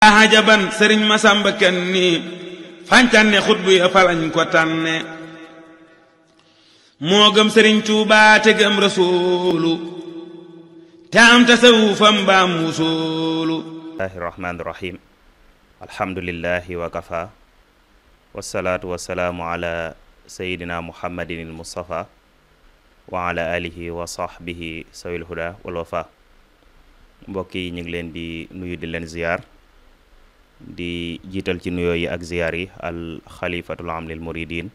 ajaban sëriñ Masamba kenn nii fàncanne xutbu ya ko tànne moo gëm sëriñ Tuubaa te gëm rasuulu te am tasawufam baam wusuulu bismillahi rahmaani rahim alhamdulillahi wa kafa wasalaatu wasalaamu ala sayidina muhammadin il mustafa wa ala alihi wa sahbihi sawil huda yi ñu ngi leen di nuyu di leen ziyaar di jiital ci nuyoo yi ak ziyaar yi al xalifatul am lil muridin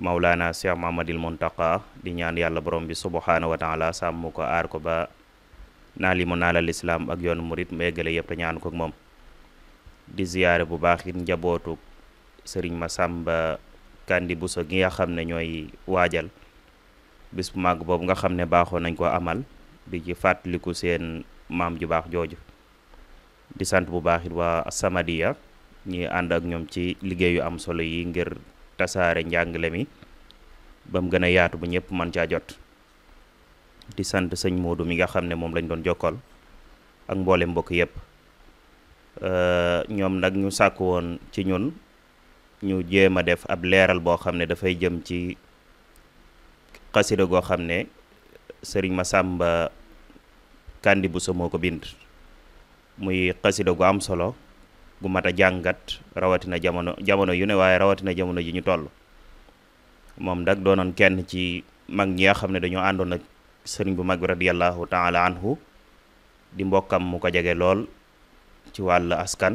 maulana cheikh mahamadil muntaka di ñaan yàlla borom bi subhanahu wa taala sàmm ko aar ko ba naa li mu naalal islaam ak yoonu murid mu eggale yëpp te ñaan ko ak moom di ziyaare bu baax it njabootu sëriñ Masamba Kandi Bousso gi nga xam ne ñooy waajal bis bu màgg boobu nga xam ne baaxoo nañ ko amal di ci fàttaliku seen maam ju baax jooju di sant bu baax it waa Samadiya ñi ànd ak ñoom ci liggéey yu am solo yi ngir tasaare njàngale mi ba mu gën a yaatu bu ñëpp man caa jot di sant sëñ Modou mi nga xam ne moom lañ doon jokkal ak mboole mbokk yëpp ñoom nag ñu sàkk woon ci ñun ñu jéem a def ab leeral boo xam ne dafay jëm ci xasida goo xam ne sëriñ ma Masamba kàndi Bousso moo ko bind muy xasida gu am solo gu mat a jàngat rawatina jamono jamono yu ne waaye rawatina jamono ji ñu toll moom nag doonoon kenn ci mag ñi nga xam ne dañoo àndoon ak sëriñ bu mag bi radiyallahu taala anhu di mbokkam mu ko jege lool ci wàll askan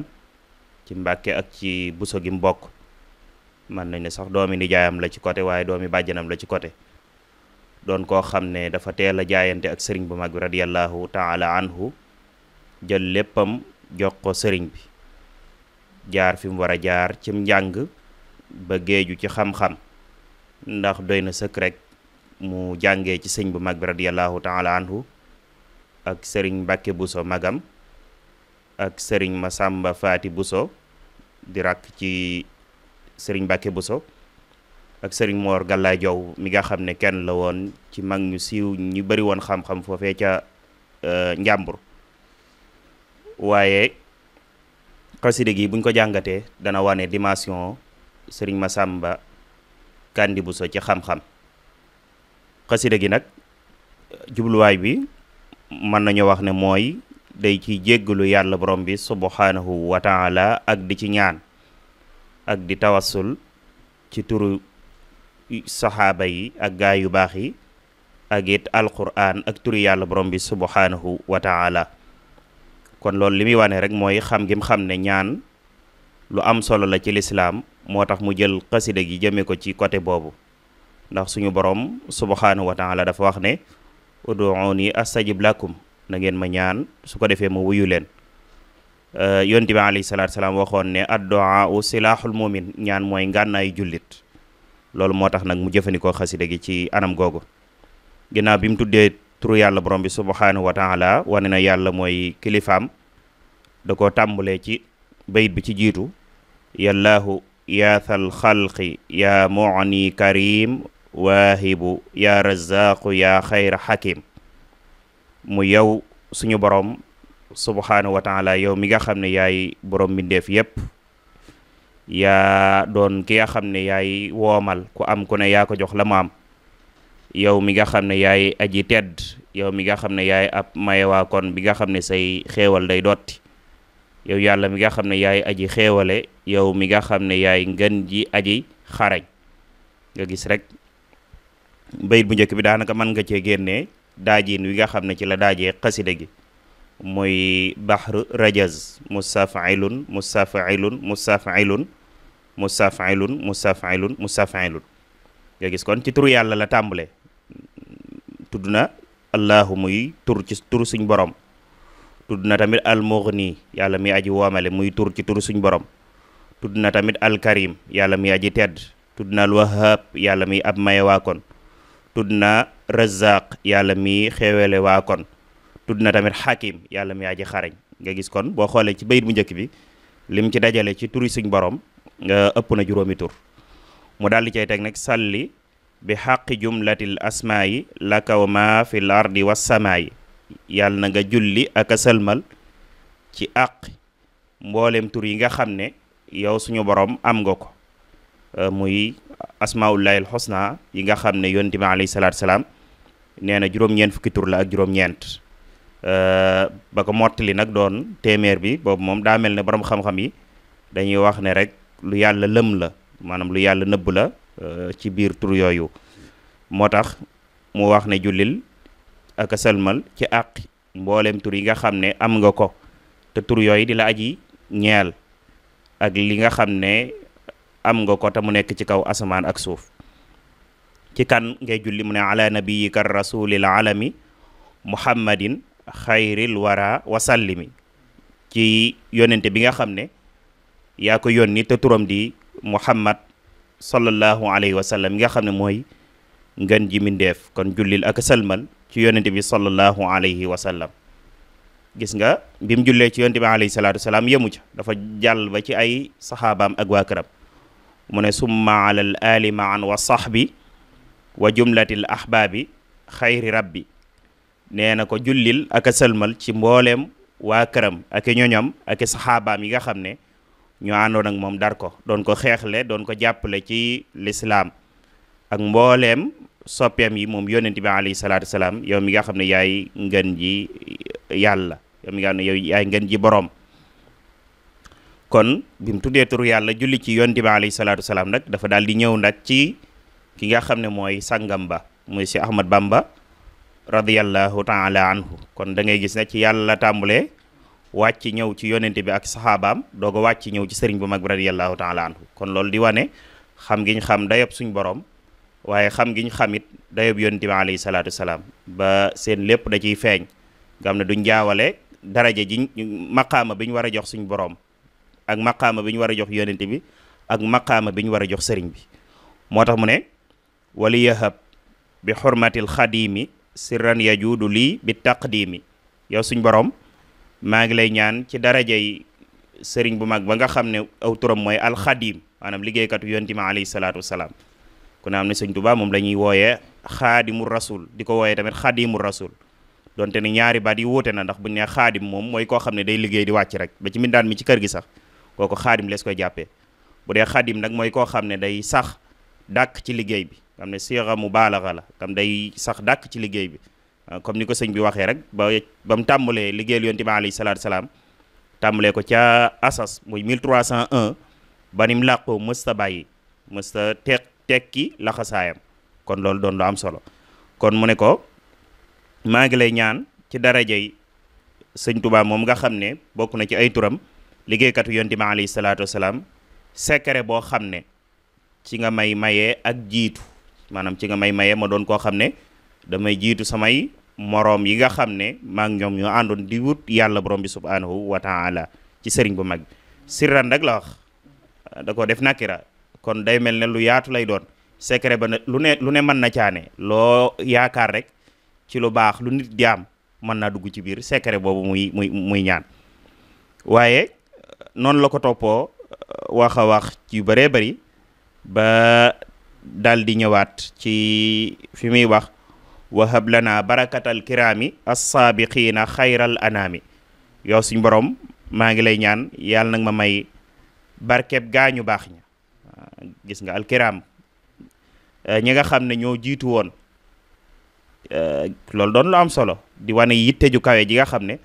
ci mbàkke ak ci buso gi mbokk man nañ ne sax doomi nijaayam la ci côté waaye doomi bàjjanam la ci côté doon koo xam ne dafa teel a jaayante ak sëriñ bu mag bi radiyallahu taala anhu jël léppam jox ko sëriñ bi jaar fi mu war a jaar cim njàng ba géeju ci xam-xam ndax doy na sëkk rek mu jàngee ci sëñ bu mag bi radiyallahu taala anhu ak sëriñ Mbàkke Buso magam ak sëriñ ma Masamba Faati Buso di rakk ci sëriñ Mbàkke Buso ak sëriñ Moor Gàllaay Jow mi nga xam ne kenn la woon ci mag ñu siiw ñu bari woon xam-xam foofee ca euh, njàmbur waye qasida gi buñ ko jangate dana wane dimension serigne Masamba Kandi so ci xam-xam qasida gi jublu way bi man nañu wax ne moy day ci jéggalu yalla borom bi subhanahu wa taala ak di ci ñaan ak di tawassul ci turu sahaba yi ak gaay yu bax yi ak et alquran ak turu yalla borom bi subhanahu wa taala kon loolu li muy wane rek mooy xam gi xam ne ñaan lu am solo la ci lislaam moo tax mu jël xasida gi jëme ko ci côté boobu ndax suñu boroom subhanahu wa la dafa wax ne uduuni astajib lakum na ngeen ma ñaan su ko defee ma wuyu leen euh, yonte bi alayhi salaatu salaam waxoon ne addu'a u silaaxul mumin ñaan mooy ngànnaayu jullit loolu moo tax nag mu jëfandikoo xasida gi ci anam googu ginnaaw bi tuddee turu yàlla borom bi subhanahu wa taala wane na yàlla mooy kilifaam da ko tàmbalee ci bayit bi ci jiitu yallaahu yaathal xalqi yaa mu'ni karim waahibu yaa razaqu yaa xayra xakim mu yow suñu borom subhanahu wa taala yow mi nga xam ne yaay borom mbindeef yépp yaa doon ki nga xam ne yaay woomal ku am ku ne jox la mu yow mi nga xam ne yaay aji tedd yow mi nga xam ne yaay ab mayewaa kon bi nga xam ne say xéewal day dotti yow yàlla mi nga xam ne yaay aji xéewale yow mi nga xam ne yaay ngën ji aji xarañ nga gis rek bayit bu njëkk bi daanaka mën nga cee génnee daajiin wi nga xam ne ci la daajee xasida gi muy baxru rajaz mustafailun mustafailun mustafailun mustafailun mustafailun mustafailun nga gis kon ci turu yàlla la tàmbale tudd na allahu muy tur ci tur suñ borom tudd na tamit almughni yàlla muy aji woomale muy tur ci tur suñ borom tudd na tamit alkarim yàlla mi aji tedd tudd na alwahab yàlla muy ab maye waakon tudd na razaq yàlla muy xeewele kon tudd na tamit xakim yàlla mi aji xarañ nga gis kon boo xoolee ci bayit bu njëkk bi lim ci dajale ci turi suñ borom nga ëpp na juróomi tur mu daal di teg nag salli bi xaqi jumlatil asmai laka wa ma fil ardi wassamaayi yàlla na nga julli ak a sëlmal ci àq tur yi nga xam ne yow suñu borom am nga ko euh, muy asmaullahi alxusna yi nga xam ne yonent bi alayhi salaatu salaam nee na fukki tur la ak juróom-ñeent euh, ba ko mottali nag doon téeméer bi boobu moom daa mel ne borom xam-xam yi dañuy wax ne rek lu yàlla lëm la maanaam lu yàlla la Euh, ci biir tur yooyu moo tax mu wax ne julil ak a ci àq mboolem tur yi nga xam ne am nga ko te tur yooyu di la aji ñeel ak li nga xam ne am nga ko te mu nekk ci kaw asamaan ak suuf ci kan ngay julli mu ne ala nabiyika rasulil alami muhammadin Khairil wara wasallimi ci yonente bi nga xam ne yaa ko yónni te turam di muhammad صلى الله عليه وسلم يا خم نموي غنج من ديف كن جلل أك سلمان تيون تبي صلى الله عليه وسلم جسنا بيم جلل تيون تبي عليه الصلاة والسلام يوم جا دفع جل بقي أي صحابة أقوى كرب من سما على الآل معا وصحبي وجملة الأحباب خير ربي نينا كو جلل أك سلمان تيم بولم وأكرم أك نيونم أك صحابة ميغا خم نموي ñu àndoon ak moom dar ko doon ko xeexle doon ko jàppale ci lislaam ak mbooleem soppeem yi moom yonent bi alayhi salaatu salaam yow mi nga xam ne yaay ngën ji yàlla yow mi nga ngën ji boroom kon mu tuddee turu yàlla julli ci yonent bi alayhi salaam nag dafa daal di ñëw nag ci ki nga xam ne mooy sangam ba muy si Ahmad Bamba radiyallahu taala anhu kon da ngay gis ne ci yàlla la tàmbulee wàcc ñëw ci yonente bi ak saxaabaam doog a wàcc ñëw ci sëriñ bu mag bi radiyallahu taala anhu kon loolu di wane xam gi xam xam dayob suñ boroom waaye xam gi ñu xamit dayob yonente salaam ba seen lépp da ciy feeñ nga xam ne duñ jaawale daraja ji maqaama bi ñu war a jox suñ boroom ak maqaama bi ñu war a jox yonente bi ak maqaama bi ñu war a jox sëriñ bi moo tax mu ne wali yahab bi xurmatil xadiimi sirran yajuudu lii bi taqdiimi yow suñ boroom maa ngi lay ñaan ci daraja yi sëriñ bu mag ba nga xam ne aw turam mooy alxadim maanaam liggéeykatu yonti ma alayhi salaatu wasalaam kon ne am ne sëñ Tuubaa moom la ñuy wooyee xaadimul rasul di ko wooyee tamit xaadimul rasul donte ne ñaari baat yi wuute na ndax buñ ne xaadim moom mooy koo xam ne day liggéey di wàcc rek ba ci mindaan mi ci kër gi sax kooku xaadim lees koy jàppee bu dee xaadim nag mooy koo xam ne day sax dàkk ci liggéey bi xam ne siira mu baalaxa la xam day sax dàkk ci liggéey bi Euh, comme ni ko sëñ bi waxee rek ba ba mu tàmbalee liggéeyal yonent ali alayhi salam salaam tàmbalee ko ca asas muy 1301 ba ni mu làqoo mësta bàyyi mësta teq tekki laxasaayam kon loolu doon lu am solo kon mu ne ko maa ngi lay ñaan ci darajay sëñ Tuubaa moom nga xam ne bokk na ci ay turam liggéeykatu yonent bi alayhi salaatu wasalaam secret boo xam ne ci nga may mayee ak jiitu maanaam ci nga may mayee ma doon koo xam ne damay jitu samay morom yi nga xamne ne maa ngi ñoom ñoo di wut yalla borom bi subhanahu wa taala ci serigne bu mag sirra nag la wax da ko def nakira kon day melne lu yaatu lay doon secret ba lu ne lu ne man na caane lo yaakar rek ci lu bax lu nit diam man na dugg ci bir secret bobu muy muy muy ñaan waaye non la ko topo uh, waxa wax ci bare ba daldi di ci fi muy wax wahab lana barakatal kiraami assaabiqiina xayral anaami yow suñ borom maa ngi lay ñaan yàlla nag ma may barkeb gaañu baax ña gis nga alkiraam eh, ñi nga xam ne ñoo jiitu woon eh, doon lu am solo di wane yitte ju kawe ji nga ne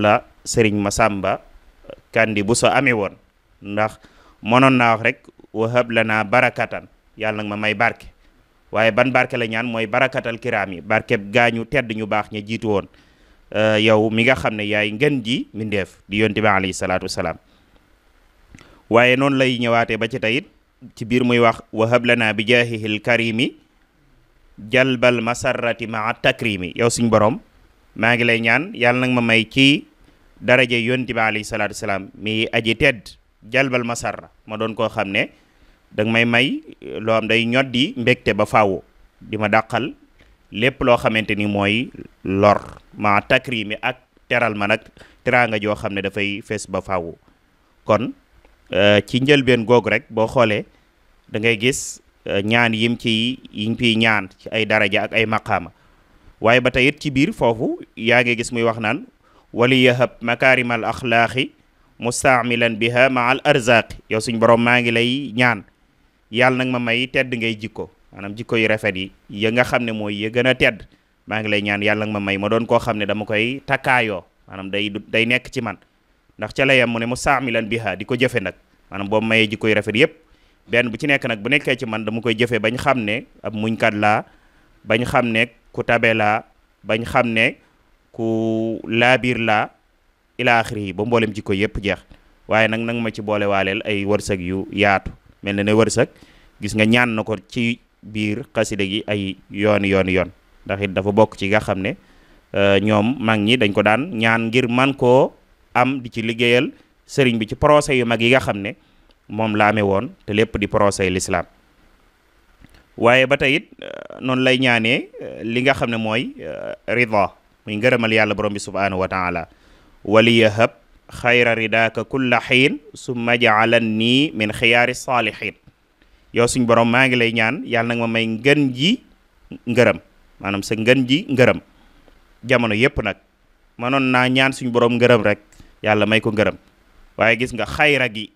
la Masamba Kandi bu so amee won ndax monon na wax rek wahab lana barakatan yàlla nag ma may barke waye ban barke la ñaan moy barakatal kirami yi barkeb gaañu tedd ñu ñi jitu won euh yow mi nga xamne yaay ngeen ji mindeef di yonti bi alayhi salatu wasalaam waye non lay ñewate ba ci tayit ci bir muy wax wahab lana bi jahihil karimi jalbal masarrati maa takrimi yow suñ borom ma ngi lay ñaan yalla nak ma may ci daraje yonti bi alayhi salatu mi aji tedd jalbal masarra ma don ko xamne danga may may loom am day ñoddi mbégte ba faaw di ma dàqal lépp loo xamante ni mooy lor ma takrimi ak teral ma nag teraanga joo xam ne dafay fees ba faaw kon euh, ci njëlbeen googu rek boo xoolee dangay gis euh, ñaan yim ci yiñ ciy ñaan ci ay daraja ak ay maqaama waaye ba tey it ci biir foofu yaa ngi gis muy wax naan wali yahab makaarimal axlaaqi mustaamilan biha ma al arzaqi yow suñ borom maa ngi lay ñaan yàlla nag ma may tedd ngay jikko maanaam jikko yu rafet yi ya nga xam ne mooy ya gën a tedd maa ngi lay ñaan yàlla nag ma may ma doon koo xam ne dama koy takkaayoo maanaam day day nekk ci man ndax ca la yem mu ne mu saamilan biha di ko jëfe nag maanaam boobu mayee jikko yu rafet yëpp benn bu ci nekk nag bu nekkee ci man dama koy jëfee bañ xam ne ab muñkat laa bañ xam ne ku tabe laa bañ xam ne ku laabiir laa ilaaxiri yi ba mboolem jikko yëpp jeex waaye nag nag ma ci boole ay wërsëg yu yaatu mel na ne wërsëg gis nga ñaan na ko ci biir xasida gi ay yooni yooni yoon ndax it dafa bokk ci nga xam ne euh, ñoom mag ñi dañ ko daan ñaan ngir man koo am di ci liggéeyal sëriñ bi ci procès yu mag yi nga xam ne moom la ame woon te lépp di procès l'islam waaye ba tey it euh, noonu lay ñaanee euh, li nga xam ne mooy rida muy ngërëmal yàlla borom bi subhaanahu wa taala wali xayra ridaaka kulla xiin summa jaalan nii min xiyaari saalihin yow suñ borom maa ngi lay ñaan yàlla nag ma may ngën ji ngërëm maanaam sa ngën ji ngërëm jamono yépp nag mënoon naa ñaan suñ borom ngërëm rek yàlla may ko ngërëm waaye gis nga xayra gi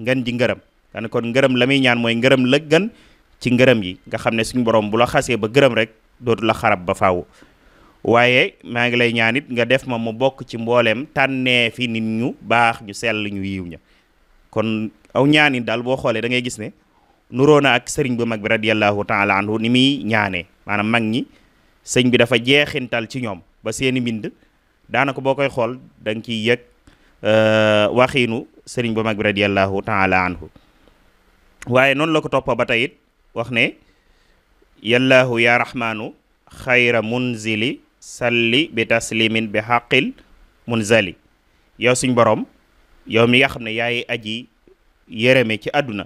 ngën ji ngërëm kan kon ngërëm la muy ñaan mooy ngërëm la gën ci ngërëm yi nga xam ne suñ borom bu la xasee ba gërëm rek dootu la xarab ba faaw waaye maa ngi lay ñaan it nga def ma mu bokk ci mbooleem tànnee fi nit ñu baax ñu sell ñu yiw ña kon aw ñaan it daal boo xoolee da ngay gis ne nuroo na ak sëriñ bu mag bi radiyallahu taala anhu ni muy ñaanee maanaam mag ñi sëñ bi dafa jeexintal ci ñoom ba seeni mbind daanaka boo koy xool danga nga ciy yëg euh, waxiinu sëriñ bu mag bi radiyallahu taala anhu waaye noonu la ko toppa ba tey it wax ne yallaahu yaa rahmaanu xayra munzili salli bi taslimin bi xaqil munzali yow suñ borom yow mi nga xam ne yaay aji yërëme ci àdduna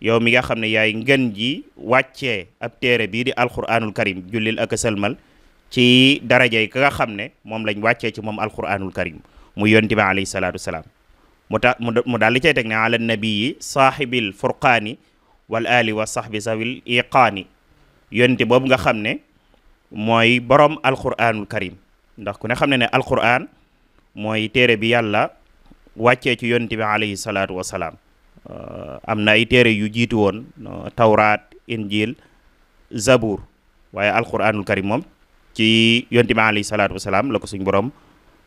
yow mi nga xam ne yaay ngën ji wàccee ab téere bii di alquranul karim jullil ak sëlmal ci darajay ka nga xam ne moom lañ wàccee ci moom alquranul karim mu yonti bi alayhi salaatu wasalaam mu daal li cay teg ne ala nabii saaxibil furqaani wal ali wa sahbi sawil iqaani yonti boobu nga xam ne mooy borom alquranul karim ndax ku ne xam ne ne alquran mooy téere bi yàlla wàccee ci yonent bi alayhi salaatu wasalaam euh, am na ay téere yu jiitu woon tawraat injil zabour waaye alquranul karim moom ci yonent bi alayhi salaatu wasalaam la suñ borom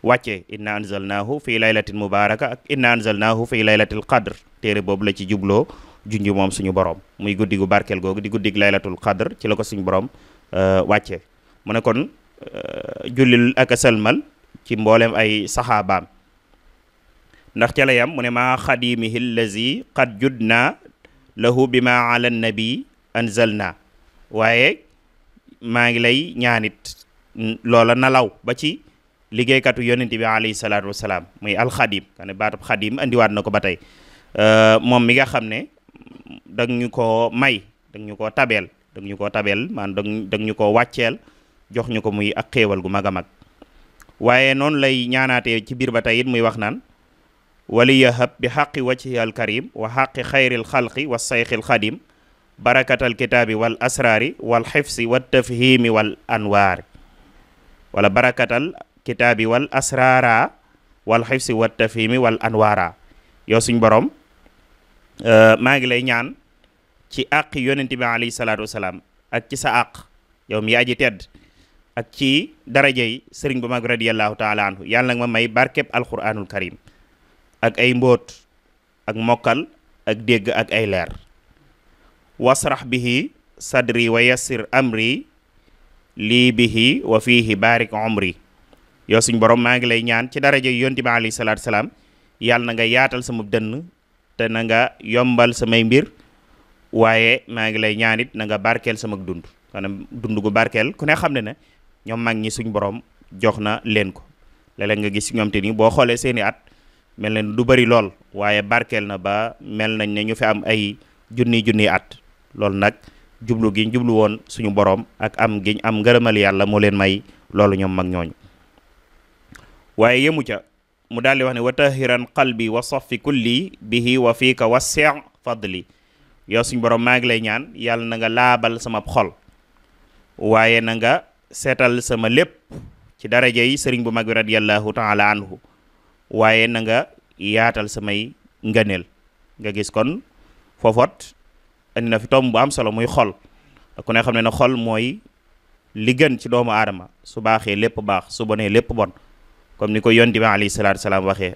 wàccee inna anzalnaahu fi laylatin mubaraka ak inna anzalnaahu fi laylatil qadr téere boobu la ci jubloo junj moom suñu borom muy guddi gu barkeel googu di guddig laylatul qadr ci la ko suñu borom euh, wàccee mu ne kon euh, jullil ak a sëlmal ci mboolem ay saxaabaam ndax ca la yam mu ne maa xadimihi allazi qad judna lahu bi ma ala nabi anzalna waaye maa ngi lay ñaanit loola nalaw ba ci liggéeykatu yonent bi alayhi salaatu wasalaam muy alxadim kane baatub xadim andiwaat na ko ba tey euh, moom mi nga xam ne dag ñu koo may dag ñu koo tabeel dag ñu koo dag ñu koo wàcceel jox ñu ko muy ak xéewal gu mag a mag waaye noonu lay ñaanaatee ci biir ba tey it muy wax naan waliyahab bi xaqi wajhi al karim wa xaqi xayril xalqi wa sayxil xadim barakatal kitaabi wal asraari wal xifsi wa tafhimi wal anwaari wala barakatal kitaabi wal asraara wal xifsi wa tafhimi wal anwaara yow suñ borom euh, maa ngi lay ñaan ci àq yonent bi alayhi salaatu wasalaam ak ci sa àq yow mi aji tedd ak ci daraja yi sëriñ bu mag radiyallahu taala anhu yàlla nag ma may barkeb alquranul karim ak ay mboot ak mokkal ak dégg ak ay leer wasrax bihi sadri wa yassir amri lii bihi wa fiihi barik umri yow suñ borom maa ngi lay ñaan ci daraja yi yonti bi alayhi salaatu salaam yàlla na nga yaatal sama dënn te na nga yombal samay mbir waaye maa ngi lay ñaanit it na nga barkeel sama dund dund gu barkeel ku ne xam ne ne ñoom mag ñi suñ borom jox na leen ko léeg nga gis ñoom te ni boo xoolee seeni at mel na du bari lool waaye barkeel na ba mel nañ ne ñu fi am ay junni junni at loolu nag jublu giñ jublu woon suñu boroom ak am giñ am ngërëmal yàlla moo leen may loolu ñoom mag ñooñu waaye yemu ca mu daal di wax ne wa tahiran qalbi wa safi kulli bihi wa fiika wasi fadli yow suñ borom maa ngi lay ñaan yàlla na nga laabal sama xol waaye na nga seetal sama lépp ci daraja yi sëriñ bu mag bi radiyallahu taala anhu waaye na nga yaatal samay ngëneel nga gis kon fofot andi na fi tomb bu am solo muy xol ku ne xam ne ne xol mooy li gën ci doomu aadama su baaxee lépp baax su bonee lépp bon comme ni ko yonti bi alayhi salaatu salaam waxee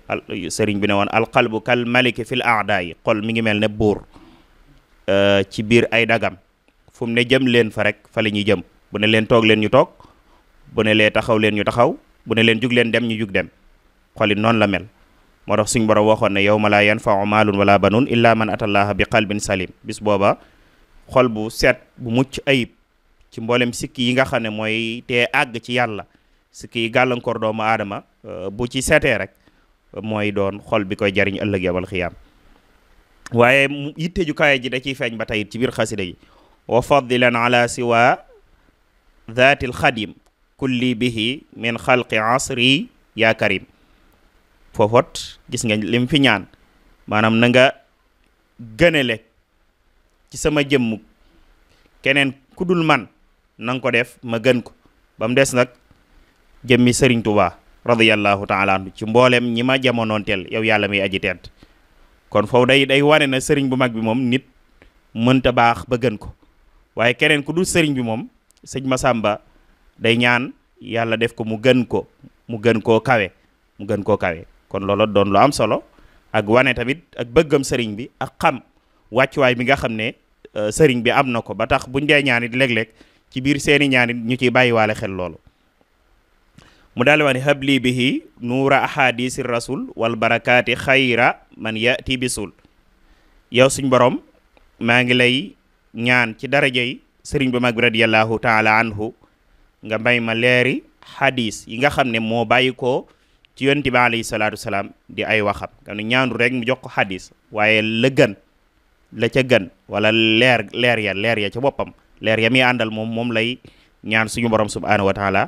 sëriñ bi ne woon alqalbu kal maliki fil yi xol mi ngi mel ne buur euh, ci biir ay dagam fu ne jëm leen fa rek fa la ñuy jëm bu ne leen toog leen ñu toog bu ne lee taxaw leen ñu taxaw bu ne leen jug leen dem ñu jug dem xolit noonu la mel moo tax suñ borom waxoon ne yawma laa yanfau maalun wala banun illa man atallaha bi qalbin salim bis booba xol bu set bu mucc ayib ci mboolem sikki yi nga xam ne mooy tee àgg ci yàlla sikki yi gàllankoor doomu aadama bu ci setee rek mooy doon xol bi koy jariñ ëllëg yawmal xiyaam waaye yitte ju kawe ji da ciy feeñ ba tey ci biir xasida yi wa faddilan ala siwa dhatil khadim kulli bihi min khalqi asri ya karim foofot gis nga lim fi ñaan maanaam na nga gënele ci sama jëmm keneen ku man nang ko def ma gën ko ba mu des nag jëmmi sëriñ Tuubaa radiyallahu taala ci mboolem ñi ma yow mi aji tent kon day day wane na bu mag bi nit mënta baax ba gën ko waaye keneen bi sëñ sàmba day ñaan yàlla def ko mu gën ko mu gën koo kawe mu gën koo kawe kon loola doon lu am solo ak wane tamit ak bëggam sëriñ bi ak xam wàccuwaay bi nga xam ne euh, sëriñ bi am na ko ba tax buñ dee ñaan it léeg ci biir seeni ñaan it ñu ciy bàyyiwaale xel loolu mu daal wax ne habli bihi nuura ahadisi rasul wal barakaati xayra man yati bisul yow suñ boroom maa ngi lay ñaan ci daraja yi sëriñ bu mag bi radiallahu taala anhu nga may ma leeri xadis yi nga xam ne moo bàyyi ko ci yonent bi alayhi salaatu salaam di ay waxam nga ne ñaanu rek mu jox ko xadis waaye la gën la ca gën wala leer leer ya leer ya ca boppam leer ya mi àndal moom moom lay ñaan suñu borom subhaanahu wa taala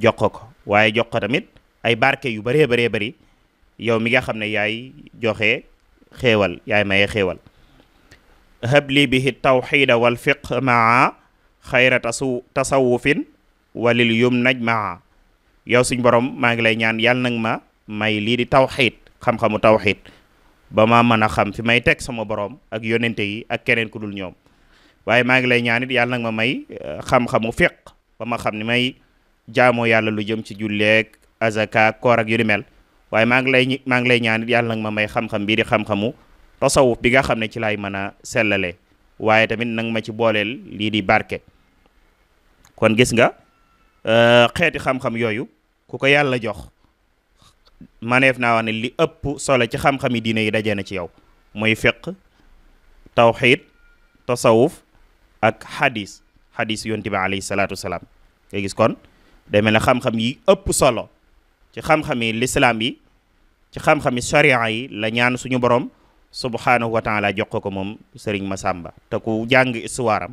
jox ko ko waaye jox ko tamit ay barke yu bëree bëree bari yow mi nga xam ne yaay joxe xewal yaay maye xéewal habli bihi tawxida wal fiq maa xayra tasu tasawufin walil yum naj maa yow suñ borom maa ngi lay ñaan yàlla nag ma may lii di tawxiid xam-xamu tawxiid ba ma mën a xam fi may teg sama borom ak yonente yi ak keneen ku dul ñoom waaye maa ngi lay ñaan it yàlla nag ma may eh, xam-xamu fiq ba ma xam ni may jaamoo yàlla lu jëm ci julleeg azaka koor ak yu ni mel waaye maa ngi lay maa ngi lay ñaan yàlla nag ma may xam-xam di xam-xamu tasawuf bi nga xam ne ci laay mën a sellale waaye tamit nag ma ci booleel lii di barke kon gis nga euh, xeeti xam-xam yooyu ku ko yàlla jox maneef naa wax ne li ëpp solo ci xam-xam yi diine yi daje na ci yow muy fiq tawxiid tasawuf ak xadis xadis yonti bi alayhi salaatu wasalaam nga gis kon day mel ne xam-xam yi ëpp solo ci xam-xam yi lislaam yi ci xam-xam yi sharia yi la ñaan suñu borom subhanahu wa taala jox ko sering serigne Masamba te ku suaram istuwaaram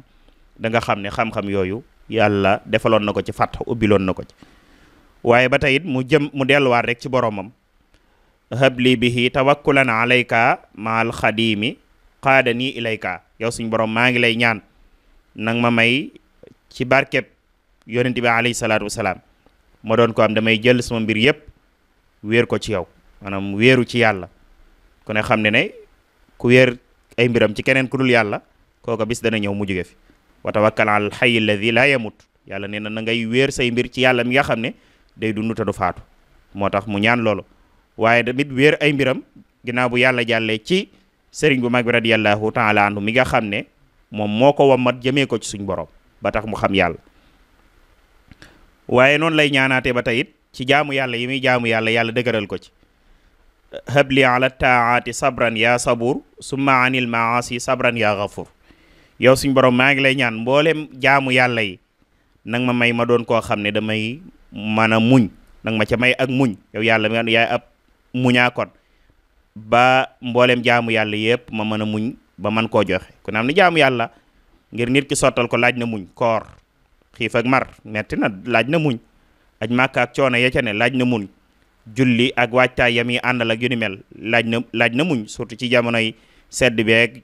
da nga xamne xam-xam yoyu yalla defalon nako ci fat ubilon nako ci waye batayit mu jëm mu war rek ci boromam habli bihi tawakkulan alayka maal xadiimi qaada ilayka yow suñu borom ma ngi lay ñaan nang ma may ci barkeb yonnati bi alayhi salatu wasalaam ma don ko am damay jël sama mbir yépp wër ko ci yow manam wëru ci yalla ku ne xamne ne ku wéer ay mbiram ci keneen ku dul yàlla kooka bis dana ñëw mu jóge fi wa tawakkal al hayy alladhi la yamut yàlla nee na na ngay wéer say mbir ci yàlla mi nga xam ne day dund te du faatu moo tax mu ñaan loolu waaye tamit wéer ay mbiram ginnaaw bu yàlla jàllee ci sëriñ bu mag bi radiyallahu taala anhu mi nga xam ne moom moo ko wammat jëmee ko ci suñ borom ba tax mu xam yàlla waaye noonu lay ñaanaatee ba tey ci jaamu yàlla yi muy jaamu yàlla yàlla dëgëral ko ci habli ala taaati sabran yaa sabuur summa anil maasi sabran yaa xafur yow suñ borom maa ngi lay ñaan mboolem jaamu yàlla yi nag ma may ma doon koo xam ne damay mën a muñ nag ma ca may ak muñ yow yàlla ma yaay mboolem jaamu yàlla yëpp ma mën a muñ ba man koo joxe ku ne am na jaamu yàlla ngir nit ki sottal ko laaj na muñ koor xiif ak mar metti na laaj na muñ aj màkk ak coono ya laaj na muñ julli ak waajtaay yam yi àndal ak yu ni mel laaj na laaj na muñ surtout ci jamonoy sedd beek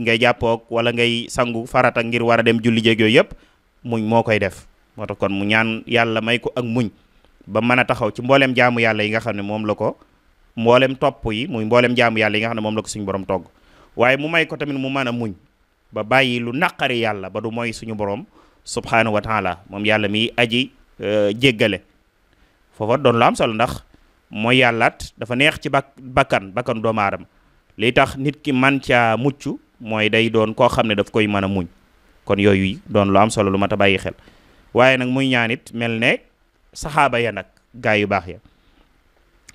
ngay jàppook wala ngay sangu farata ngir war a dem julli jéeg yooyu yëpp muñ moo koy def moo tax kon mu ñaan yàlla may ko ak muñ ba mën a taxaw ci mboolem jaamu yàlla yi nga xam ne moom la ko mbooleem topp yi muy mbooleem jaamu yàlla yi nga xam ne moom la ko suñu borom togg waaye mu may ko tamit mu mën a muñ ba bàyyi lu naqari yàlla ba du moy suñu borom subhaanahu wa taala moom yàlla mi aji euh, jéggale foofa don lam am solo ndax mo yàllaat dafa neex ci bakkan bakkan do maram li tax nit ki man ca muccu moy day don ko xamne ne daf koy mën muñ kon yoyuy don lu am solo lu mata a xel waye nak muy ñaanit mel sahaba ya nak gaay yu bax ya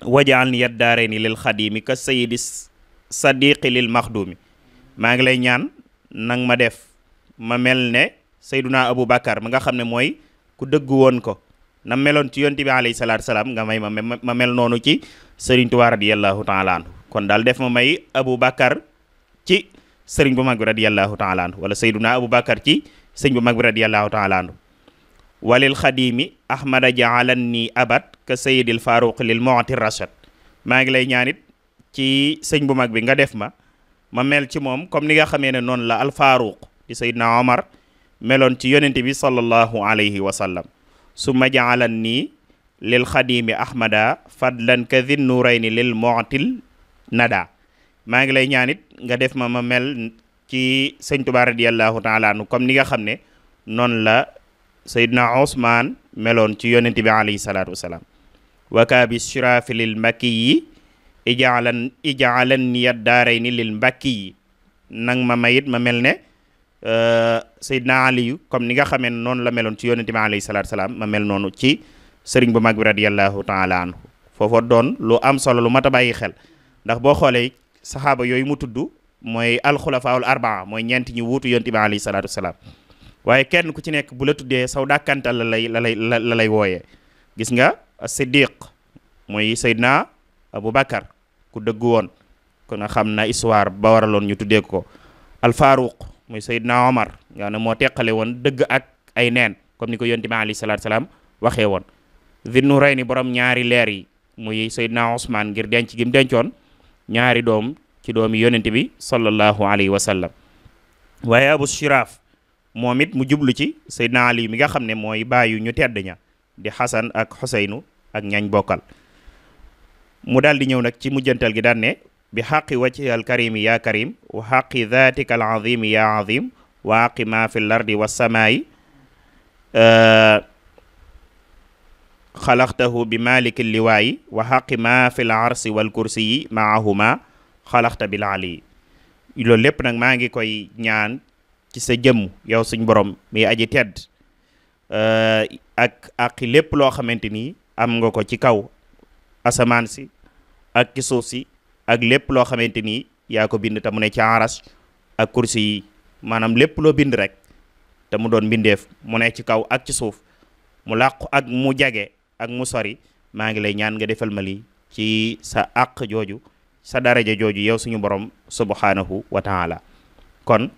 wajaal ni lil khadim ka sayyidis sadiq lil makhdum ma ngi lay ñaan nang ma def ma mel sayyiduna abubakar bakar ma nga xamne ne ku deggu won ko na meloon ci yonti bi alayhi salaatu salaam nga may ma ma mel noonu ci sëriñ Tuubaa radiyallahu taala kon daal def ma may Abu Bakar ci sëriñ bu mag bi radiyallahu taala anhu wala sayyiduna Abu ci sëriñ bu mag bi radiyallahu taala anhu walil xadiimi ahmada jaalanni abat ka sayyidil faruq lil mu'ti rashad maa ngi lay ñaanit ci sëñ bu mag bi nga def ma ma mel ci moom comme ni nga xamee ne noonu la alfaaruq di sayyidna Omar meloon ci yonente bi sallallahu alayhi wa sallam summa jaalan nii lil xadimi ahmada fadlan kadin nuurayni lil motil nada maa ngi lay ñaanit nga def ma ma mel ci sëñ Tuubaa radiyallahu taala anu comme ni nga xam ne noonu la saydna Usmaan meloon ci yonent bi alayhi salaatu wasalaam wakaa shirafi lil mbakki yi ijaalan ijaalan niyat daarayni lil mbakki yi nang ma mayit ma mel ne Euh, seyd naa Aliyu comme ni nga xamee noonu la meloon ci yonente bi alayhi salaatu salaam ma mel noonu ci sëriñ bu mag bi radiyallahu taala anhu foofa doon lu am solo lu mat a bàyyi xel ndax boo xoolee saxaaba yooyu mu tudd mooy alxulafaawul arbaa mooy ñeenti ñu wuutu yonente bi alayhi salaatu salaam waaye kenn ku ci nekk bu la tuddee saw dàkkantal la la lay la lay wooyee gis nga siddiq mooy Seydina Abu Bakar ku dëggu woon kon nga xam na histoire ba waraloon ñu tuddee ko muy Seydina Omar nga ne moo teqale woon dëgg ak ay neen comme ni ko yonent bi alayhi salaatu salaam waxee woon Zinnurayni boroom ñaari leer yi muy Seydina Ousmane ngir denc gi mu dencoon ñaari doom ci doomi yonent bi sallallahu alayhi wa sallam waaye Abu Shiraaf moom it mu jublu ci Seydina Ali mi nga xam ne mooy bàyyu ñu tedd ña di Xasan ak Xuseynu ak ñañ bokkal mu daal di ñëw nag ci mujjantal gi daan ne بحق وجهها الكريم يا كريم وحق ذاتك العظيم يا عظيم وحق ما في الأرض والسماء آه، خلقته بمالك اللواء وحق ما في العرس والكرسي معهما خلقت بالعلي loolu lépp nag maa كوي koy ñaan سجم يو jëmm yow suñ borom mi اك tedd ak ak lépp loo xamante ni am سوسي ak lépp loo xamante ni yaa ko bind te mu ne ci aras ak kursi yi maanaam lépp loo bind rek te mu doon bindeef mu ne ci kaw ak ci suuf mu làqu ak mu jage ak mu sori maa ngi lay ñaan nga defal ma lii ci sa àq jooju sa daraja jooju yow suñu borom subhanahu wa taala kon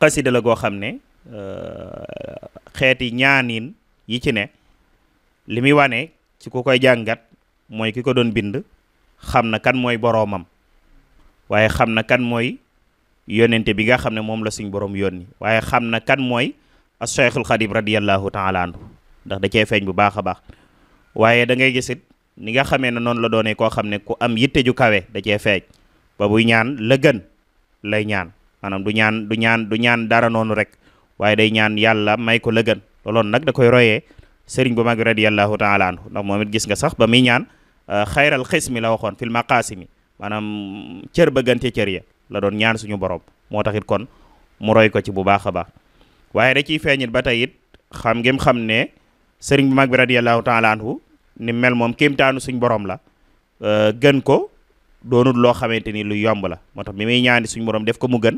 xasida la goo xam ne euh, xeeti ñaaniin yi ci ne li muy wane ci ku koy jàngat mooy ki ko doon bind xam na kan mooy boroomam waaye xam na kan mooy yonente bi nga xam ne moom la suñ borom yónni waaye xam na kan mooy as cheikhul xadim radiallahu taala anhu ndax da cee bu baax a baax waaye da ngay gisit ni nga xamee ne noonu la doonee koo xam ne ku am yitte ju kawe da cee feeñ ba buy ñaan la lay ñaan maanaam du ñaan du ñaan du ñaan dara noonu rek waaye day ñaan yàlla may ko la gën looloon nag da koy royee sëriñ bu mag radiallahu taala anhu ndax moom it gis nga sax ba muy ñaan Euh, xayral mi la waxoon fil maqaasimi maanaam cër bëggante cër ya la doon ñaan suñu borom moo tax it kon mu roy ko ci bu baax a baax waaye da ciy feeñit ba tey it xam ngeen xam ne sëriñ bu mag bi radiyallahu taala anhu ni mel moom kéemtaanu suñu borom la euh, gën ko doonul loo xamante ni lu yomb la moo tax bi muy ñaani suñu borom def ko mu gën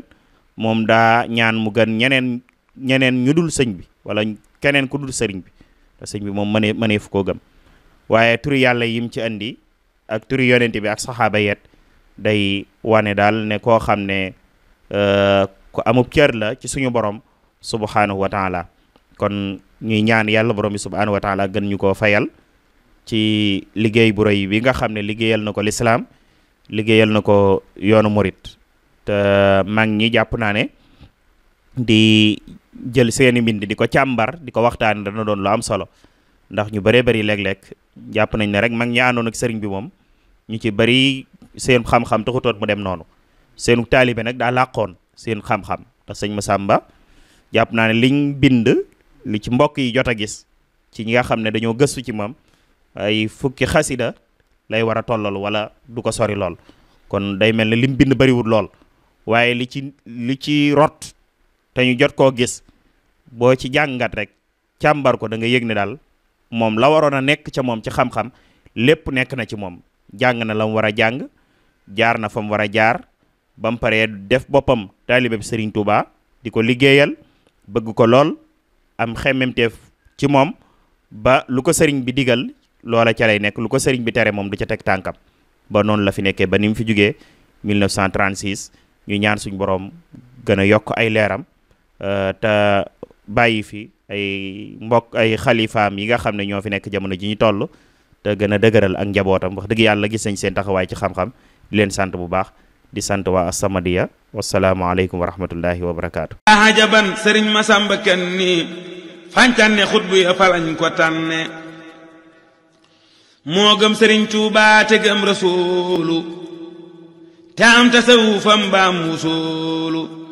moom daa ñaan mu gën ñeneen ñeneen ñu dul sëñ bi wala keneen ku dul sëriñ bi sëñ bi moom mënee mëneefu ko gëm waaye turi yàlla yim ci andi ak turi yonent bi ak saxaaba yet day wane daal ne koo xam ne euh, ku amub cër la ci suñu borom subhanahu wa taala kon ñuy ñaan yàlla borom bi subhanahu wa taala gën ñu koo fayal ci liggéey bu rëy bi nga xam ne liggéeyal na ko lislaam liggéeyal na ko yoonu murit te mag ñi jàpp naa ne di jël seeni mbind di ko càmbar di ko waxtaan dana doon lu am solo ndax ñu bëree bari léeg-léeg jàpp nañ ne rek mag ñi àndoon ak sëriñ bi moom ñu ci bari seen xam-xam taxutoot mu dem noonu seenu taalibe nag daa làqoon seen xam-xam ndax sëñ Massamba jàpp naa ne liñ bind li ci mbokk yi jot a gis ci ñi nga xam ne dañoo gëstu ci moom ay fukki xasida lay war a tollal wala du ko sori lool kon day mel ne lim bind bëriwul lool waaye li ci li ci rot te ñu jot koo gis boo ci jàngat rek càmbar ko danga nga yëg ne daal mom la warona nek nekk mom ci xam-xam lepp nekk na ci mom jang, na la wara jang jaar na fam wara jaar bam def bopam taalibeb Serigne Touba di liggéeyal bëgg ko lol am ci mom ba lu ko serigne bi digal lola ci lay nekk lu ko serigne bi téré mom du ci tek tankam ba non la fi nekké ba nim fi juggé 1936 ñu ñaan suñu borom gëna yok ay léram euh ta bayyi fi ay mbokk ay xalifaam yi nga xam ne ñoo fi nekk jamono ji ñu toll te gën a dëgëral ak njabootam wax dëgg yàlla gis nañ seen taxawaay ci xam-xam di leen sant bu baax di sant waa As-Samadiyya wasalaamualeykum wa rahmatullahi wa barakaatu. ajaban sëriñ Masamba kenn nii fàncanne xutbu ya falañ ko tànne moo gëm sëriñ Tuubaa te gëm rasuulu te am tasawufam baam wusuulu